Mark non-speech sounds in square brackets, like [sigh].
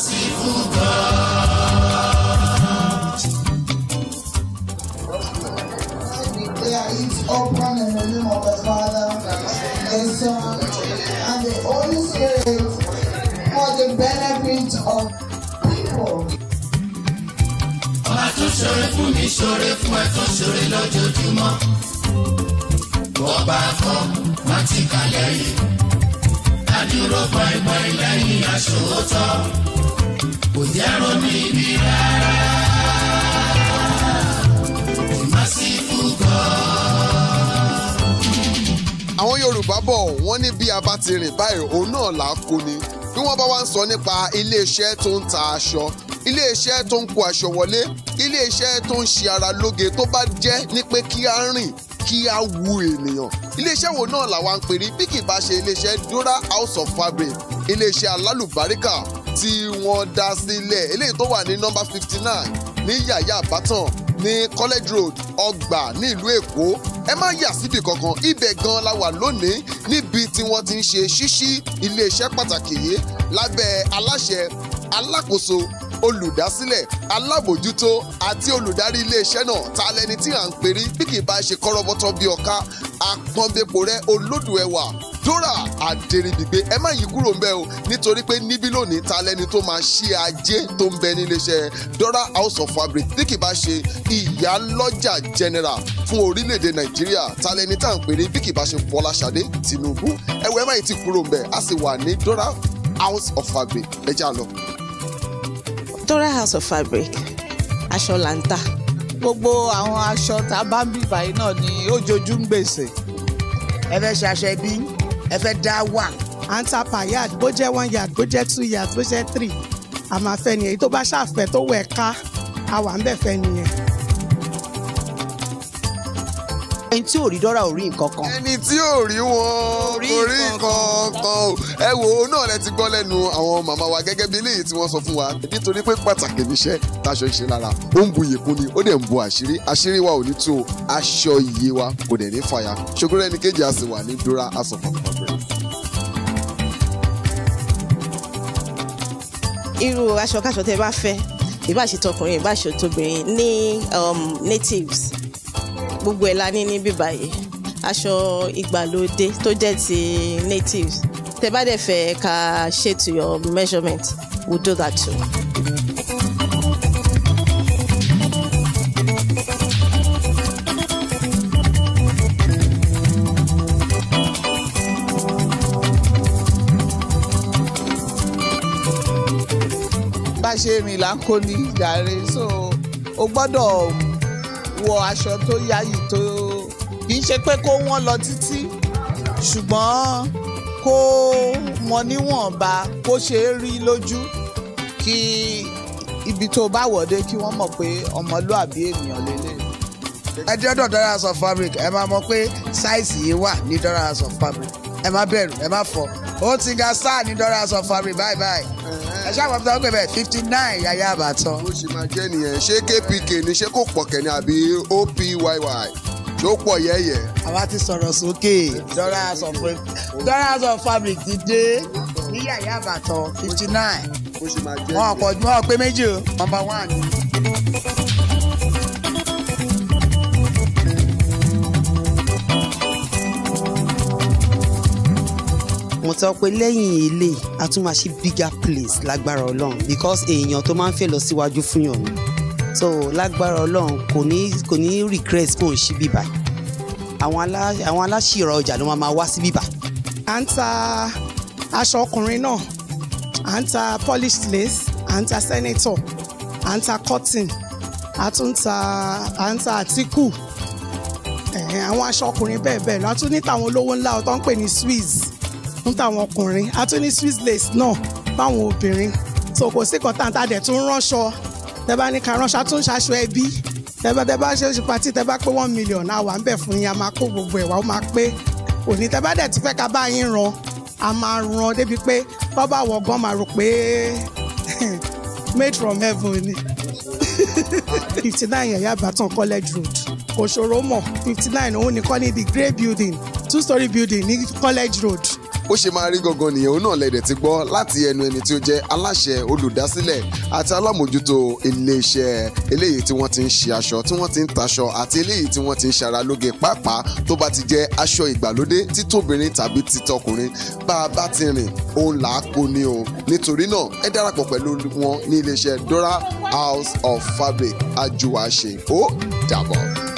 merciful Declare it open in the name of the Father, the Son, and the Holy Spirit for the benefit of people. Ọba tó ṣoore fún mi ṣoore fún ẹ tó ṣoore lójoojúmọ́. Bọ́ba kọ́ máa ti kalẹ̀ yìí. Adúró pàìpàì lẹ́yìn aṣòótọ́ kò jẹ́ ronú ibi rárá. àwọn Yorùbá bọ̀ wọ́n ní bí a bá ti rìn báyìí òun náà là á kó ni bí wọ́n bá wá ń sọ nípa iléeṣẹ́ tó ń ta aṣọ iléeṣẹ́ tó ń kó aṣọ wọlé iléeṣẹ́ tó ń ṣe ara lóge tó bá jẹ́ ní pé kí á rìn kí a wu ènìyàn iléeṣẹ́ wo náà làwa ń pè ní bí kì bá ṣe iléeṣẹ́ Dora House of Fabric iléeṣẹ́ alálùbáríkà tí wọ́n dá sílẹ̀ eléyìí tó wà ní nọ́mbà fifty nine ní yàyà àbátan ní college road ọgbà nílùú èkó ẹ má yà síbi kankan ibẹ̀ gan la wà lónìí níbi tí wọ́n ti ń ṣe ṣíṣí iléeṣẹ́ pàtàkì yìí lábẹ́ aláṣẹ alákòóso olùdásílẹ̀ alábòjútó àti olùdarí iléeṣẹ́ náà ta lẹni tí à ń perí bí kì í bá ṣe kọ́rọ́bọ́tọ́ bí ọ̀ka àpọ́nbẹ́pọ̀ rẹ olódùẹwà dora adèrìbìgbé ẹ má yí kúrò ńbẹ̀ o nítorí pé níbí lónìí ta lẹ́ni tó máa ṣí ajé tó ń bẹ níléeṣẹ́ dora house of fabric tí kì bá ṣe ìyálọ́jà general fún orílẹ̀-èdè nàìjíríà ta lẹ́ni tá à ń pè ní bá ṣe fọláṣadé tinubu ẹ̀wẹ̀ ẹ má yí ti kúrò ńbẹ̀ a sì wà ní dora house of fabric ẹ já lọ. dora house of fabric aṣọ là ń tà gbogbo àwọn aṣọ tá a bá ń bì báyìí náà ni ó jojú ń gbèsè ẹ fẹ́ ṣe aṣọ ẹbí ẹ fẹ́ dá wà. à ń ta yard bó jẹ́ one yard bó jẹ́ two yard bó jẹ́ three àmàfẹ́ nìyẹn èyí tó bá ṣàfẹ́ tó wẹ̀ ká àwa ń bẹ̀ fẹ́ nìyẹn. ẹni tí ò rí dọ́là ò rí nǹkan kan. ẹni tí ò rí wọn kò rí nǹkan kan o ẹ wo náà lẹ ti gbọ́ lẹ́nu àwọn màmá wa gẹ́gẹ́ bí eléyìí tí wọ́n sọ fún wa nítorí pé pàtàkì níṣẹ́ táṣọ ṣe lára ó ń bu ìyẹ̀kún ni ó dẹ̀ ń bu àṣírí àṣírí wa ò ní tó aṣọ iye wa kò dẹ̀ ní fàyà ṣògbọ́n ẹni kejì a sì wà ní dúrà asọ̀fọ̀ irú aṣọ tẹ bá fẹ́ ìbáṣe tọkùnrin ní um, natives gbogbo ẹ̀ la ní níbí báyìí aṣọ ìgbàlódé tó jẹ́ ti natives tẹ́ bá dẹ̀ fẹ́ ká ṣe to your measurement we do that too. bá ṣe rìn là ń kó ní ìjà rẹ so o gbọ́dọ̀ wọ aṣọ tó yáyì tó kì í ṣe pé kó wọ́n lọ títí ṣùgbọ́n kó mọ níwọ̀nba kó ṣe é rí lójú kí ibi tó bá wọ̀dé kí wọ́n mọ̀ pé ọmọlúàbí ènìyàn lélẹ̀. ẹ jẹ́ dọ̀ Dora Fabric ẹ máa mọ̀ pé sáìsì yìí wà ní Dora House Fabric ẹ má bẹ̀rù ẹ má fọ ó ti ga star ní dọ́ra sọ fàmì báyìí báyìí ẹ ṣáà fọwọ́ tó ń fifty nine yàyà àbàtàn. ó sì máa jẹ́ nìyẹn ṣé kpk ni ṣé kò pọ̀ kẹ́ni àbí opyy ló pọ̀ yẹ́yẹ́. àwa ti sọ̀rọ̀ sókè dọ́ra sọ fàmì ti dé ní yàyà àbàtàn fifty nine wọn kò pé méjì o number one. sọ pé lẹ́yìn ilé a tún máa ṣí bigger place lágbára ọlọ́run because èèyàn tó máa ń fẹ́ lọ síwájú fún yàn ni so lágbára ọlọ́run kò ní kò ní regret kò ń ṣí bíbà àwọn aláṣìírọ̀ ọjà ló máa máa wá sí bíbà. à ń ta aṣọ ọkùnrin náà à ń ta polished lace à ń ta senator à ń ta cotton à tún ta à ń ta àtíkù àwọn aṣọ ọkùnrin bẹ́ẹ̀ bẹ́ẹ̀ lọ a tún níta àwọn olówó ńlá ọ̀tọ̀ ń pè ní swiss fún táwọn ọkùnrin a tún ní swiss lace náà fáwọn obìnrin so kò sí kan tàǹtà dẹ̀ tún ránṣọ tẹ bá ní ká ránṣọ a tún ṣaṣọ ẹbí tẹ bá tẹ bá ṣe oṣù pàtí tẹ bá pé one million a wà ń bẹ̀ fún yín a máa kó gbogbo ẹ̀ wá ó máa pé òní tẹ bá dẹ̀ ti fẹ́ ká bá yín ran a máa ran débi pé bọ́ wọ̀ gan máa rò pé [laughs] made from heaven ni [laughs] fifty nine Yaya Ibadan college road Òṣòro mọ̀ fifty nine òun nìkan ní the grey building two story building ní college road bó ṣe máa rí gangan nìyẹn òun náà lẹ́dẹ̀ ti gbọ́ láti ẹnu ẹni tí ó jẹ́ aláṣẹ olùdásílẹ̀ àti alámòjútó iléeṣẹ́ eléyìí tí wọ́n ti ń ṣe aṣọ tí wọ́n ti ń taṣọ àti eléyìí tí wọ́n ti ń ṣara lóge pàápàá tó bá ti jẹ́ aṣọ ìgbàlódé títóbìnrin tàbí títọkùnrin bá a bá ti rìn òun là á kó ni o nítorí náà ẹ darapọ̀ pẹ̀lú wọn ní iléeṣẹ́ Dora House of Fabric ajuwa ṣe ó dàbọ̀.